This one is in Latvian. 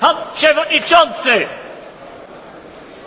Pan Przewodniczący!